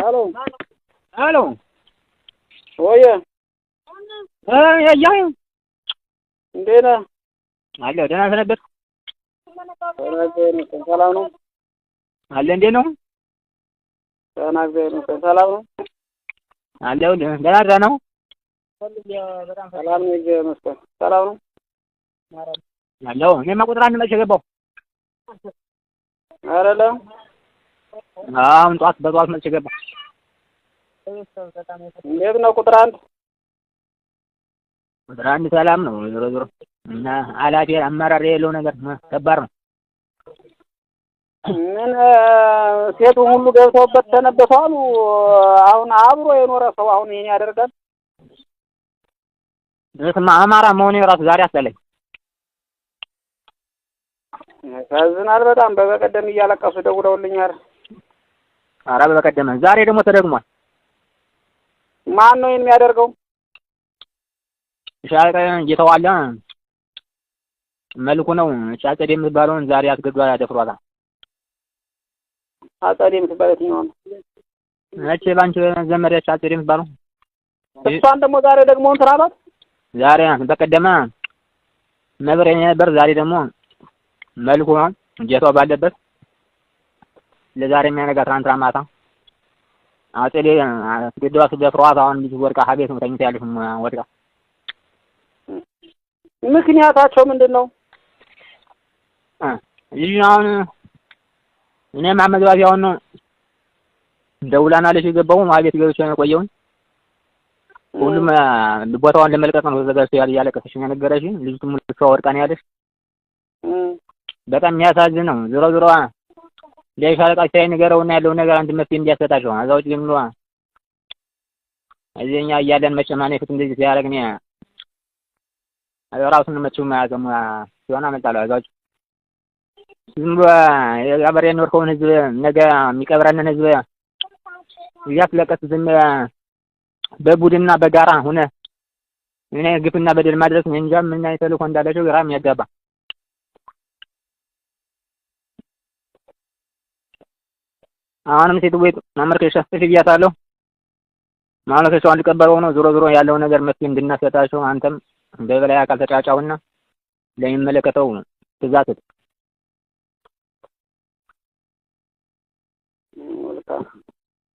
Alô? Alô? Oi? ያየኸኝ እንዴት ነህ? ደህና ሰነበትኩ። ሰላም ነው አለ። እንዴት ነው? ደህና እግዚአብሔር ሰላም ነው አለሁ። ደህና ደህና ነው። ሰላም ነው እግዚአብሔር ይመስገን። ሰላም ነው አለሁ። እኔማ ቁጥር አንድ መቼ ገባሁ? ኧረ አሁን ጧት በጧት መጥቼ ገባ። እንዴት ነው ቁጥር አንድ? ቁጥር አንድ ሰላም ነው ዞሮ ዞሮ እና አላፊ አመራር የሌለው ነገር ከባድ ነው። ምን ሴቱን ሁሉ ገብተውበት ተነበሱ አሁን አብሮ የኖረ ሰው አሁን ይሄን ያደርጋል? ስማ አማራ መሆኔ የራሱ ዛሬ አስጠላኝ። ያሳዝናል በጣም በበቀደም እያለቀሱ ደውለውልኛል። ኧረ በቀደመ ዛሬ ደግሞ ተደግሟል። ማን ነው የሚያደርገው? ሻለቃ እየተዋለ መልኩ ነው። ሻጸዴ የምትባለውን ዛሬ አስገዷ ያደፍሯታል። ሻጸዴ የምትባለው ነው? እቺ ባንቺ ዘመድ ሻጸዴ የምትባለው እሷን ደግሞ ዛሬ ደግሞ እንትን አሏት። ዛሬ በቀደመ መብሬ ነበር። ዛሬ ደግሞ መልኩ ነው ጌታው ባለበት ለዛሬ የሚያነጋ ትናንትና ማታ አጼ ድብደባ ስደፍሯት አሁን ልጅ ወድቃ ሀቤት ነው ተኝታለች። ወድቃ ምክንያታቸው ምንድን ነው? ልጅ አሁን እኔ ማመግባቢያውን ነው ደውላና ልጅ የገባው ሀቤት ገብቼ ነው የቆየውን ሁሉም ቦታውን ለመልቀቅ ነው ተዘጋጅቶ ያለ እያለቀሰች ነገረችኝ። ልጅቱ ሙሉ ወድቃ ነው ያለች። በጣም የሚያሳዝን ነው። ዞሮ ዞሮ ለሻለቃችሁ ላይ ንገረውና ያለውን ነገር አንድ መፍትሄ እንዲያሰጣቸው ነው። ውጭ ግን ብሎ እዚህ እኛ እያለን መጨማነቁት እንደዚህ ሲያደርግ እኔ ራሱን መቼም አያውቅም ሲሆን አመጣለሁ። እዛ ውጭ ዝም ብሎ አብሬ የኖርከውን ህዝብ ነገ የሚቀብረንን ህዝብ እያስለቀስ ዝም በቡድንና በጋራ ሆነ እኔ ግፍና በደል ማድረስ እኔ እንጃ ምን ተልእኮ እንዳላቸው ግራም የሚያጋባ አሁንም ሴት ወይ መምህር ከሸፍሽ ብያታለሁ። ማለቶቹ አንድ ቀበር ዞሮ ዞሮ ያለው ነገር መፍትሄ እንድናሰጣቸው አንተም በበላይ አካል ተጫጫውና ለሚመለከተው ትእዛዝ ስጥ።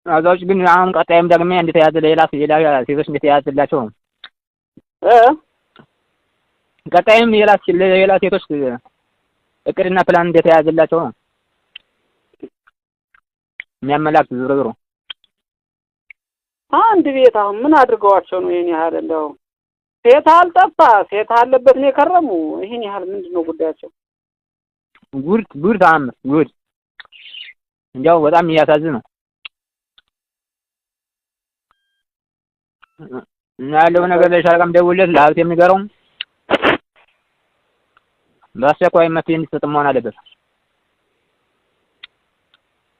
ከዛ ግን አሁን ቀጣይም ደግሜ እንደተያዘ ሌላ ሌላ ሴቶች እንደተያዘላቸው ነው እ ቀጣይም ሌላ ሌላ ሴቶች እቅድና ፕላን እንደተያዘላቸው ነው የሚያመላክት ዞሮ ዝሮ አንድ ቤት አሁን ምን አድርገዋቸው ነው ይህን ያህል እንደው ሴት አልጠፋ ሴት አለበት ነው የከረሙ። ይህን ያህል ምንድን ነው ጉዳያቸው? ጉድ ጉድ ታም ጉድ እንዲያው በጣም እያሳዝን ነው እና ያለው ነገር ለሻለቃም ደውልለት፣ ለሀብቴም ንገረው። በአስቸኳይ መፍትሄ እንዲሰጥ መሆን አለበት።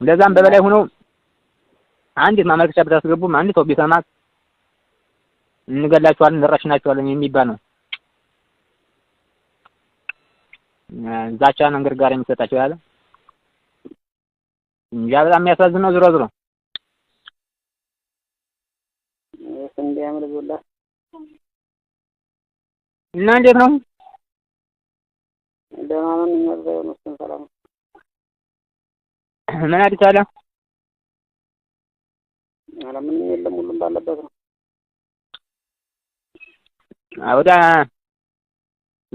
እንደዛም በበላይ ሆኖ አንዲት ማመልከቻ ብታስገቡም አንዲት ሰው ቢሰማት እንገላቸዋለን፣ እንረሽናቸዋለን የሚባል ነው። ዛቻ ነገር ጋር የሚሰጣቸው ያለ እንጃ። በጣም የሚያሳዝን ነው። ዝሮ ዝሮ እና እንዴት ነው? ደህና ነን። ምን አዲስ አለ? ኧረ ምንም የለም። ሁሉም ባለበት ነው። ወደ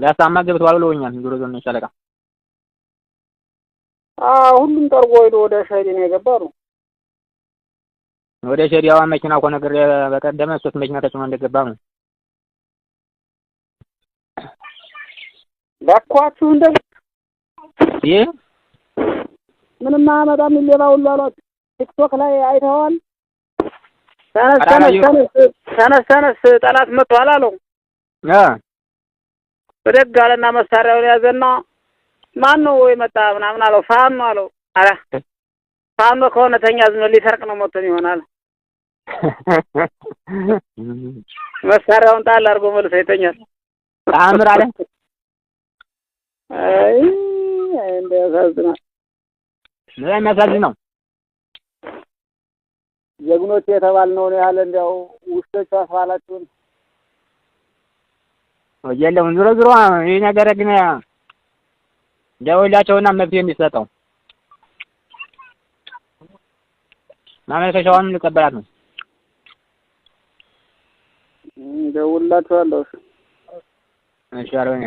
ላስታማ ገብተዋል ብለውኛል። ዞሮ ዞሮ ነው ሻለቃ። አዎ ሁሉም ጠርጎ ሄዶ ወደ ሸሪ ነው የገባ ወደ ሸሪ ያው መኪና እኮ ነገር በቀደመ ሶስት መኪና ተጭኖ እንደገባ ነው። ላኳችሁ እንደ ይሄ ምንም አያመጣም ሌባ ሁሉ አሏት። ቲክቶክ ላይ አይተዋል። ተነስ ተነስ ተነስ ተነስ ጠላት መጥቷል አለው። በደግ አለና መሳሪያውን ያዘና ማን ነው ወይ መጣ ምናምን አለው። ፋኖ አለው። አረ ፋኖ ከሆነ ተኛ ዝም ሊሰርቅ ነው መጥቶ ይሆናል። መሳሪያውን ጣል አድርጎ መልሶ ይተኛል። አምራለ አይ እንደ ያሳዝናል። የሚያሳዝነው ጀግኖች ነው ያህል እንዲያው ውሾች አስባላችሁን። የለውም ዞሮ ዞሮ ይህ ነገር ግን ደውላቸውና መብት የሚሰጠው ማመልከቻውንም ልቀበላት ነው። ደውላቸዋለሁ። እሺ አለሁኝ።